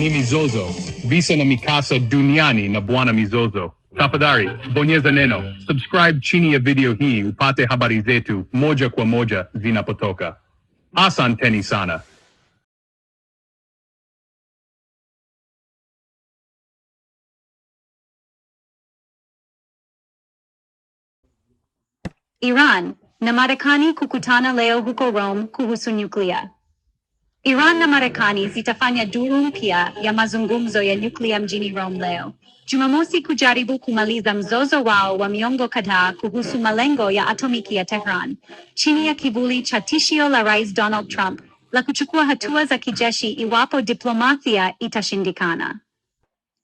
ni mizozo, visa na mikasa duniani na Bwana Mizozo. Tafadhali bonyeza neno subscribe chini ya video hii upate habari zetu moja kwa moja zinapotoka. Asanteni sana. Iran na Marekani kukutana leo huko Rome kuhusu nyuklia. Iran na Marekani zitafanya duru mpya ya mazungumzo ya nyuklia mjini Rome leo Jumamosi kujaribu kumaliza mzozo wao wa miongo kadhaa kuhusu malengo ya atomiki ya Tehran chini ya kivuli cha tishio la Rais Donald Trump la kuchukua hatua za kijeshi iwapo diplomasia itashindikana.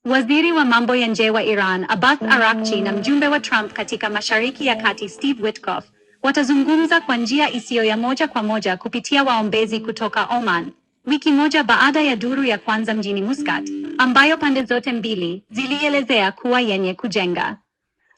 Waziri wa mambo ya nje wa Iran Abbas Araghchi na mjumbe wa Trump katika Mashariki ya Kati Steve Witkoff watazungumza kwa njia isiyo ya moja kwa moja kupitia waombezi kutoka Oman, wiki moja baada ya duru ya kwanza mjini Muscat, ambayo pande zote mbili zilielezea kuwa yenye kujenga.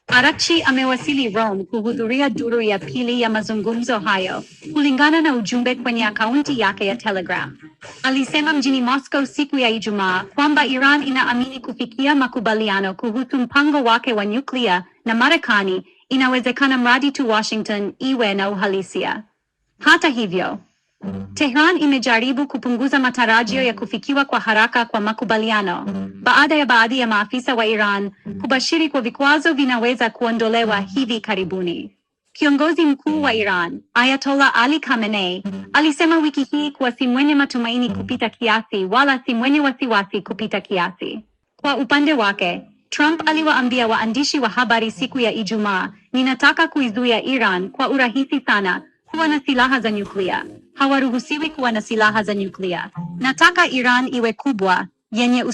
Arakchi amewasili Rome kuhudhuria duru ya pili ya mazungumzo hayo, kulingana na ujumbe kwenye akaunti yake ya Telegram. Alisema mjini Moscow siku ya Ijumaa kwamba Iran inaamini kufikia makubaliano kuhusu mpango wake wa nyuklia na Marekani inawezekana mradi tu Washington iwe na uhalisia. Hata hivyo, Tehran imejaribu kupunguza matarajio ya kufikiwa kwa haraka kwa makubaliano baada ya baadhi ya maafisa wa Iran kubashiri kwa vikwazo vinaweza kuondolewa hivi karibuni. Kiongozi mkuu wa Iran, Ayatollah Ali Khamenei, alisema wiki hii kuwa si mwenye matumaini kupita kiasi wala si mwenye wasiwasi kupita kiasi. Kwa upande wake, Trump aliwaambia waandishi wa habari siku ya Ijumaa, ninataka kuizuia Iran kwa urahisi sana kuwa na silaha za nyuklia. Hawaruhusiwi kuwa na silaha za nyuklia. Nataka Iran iwe kubwa yenye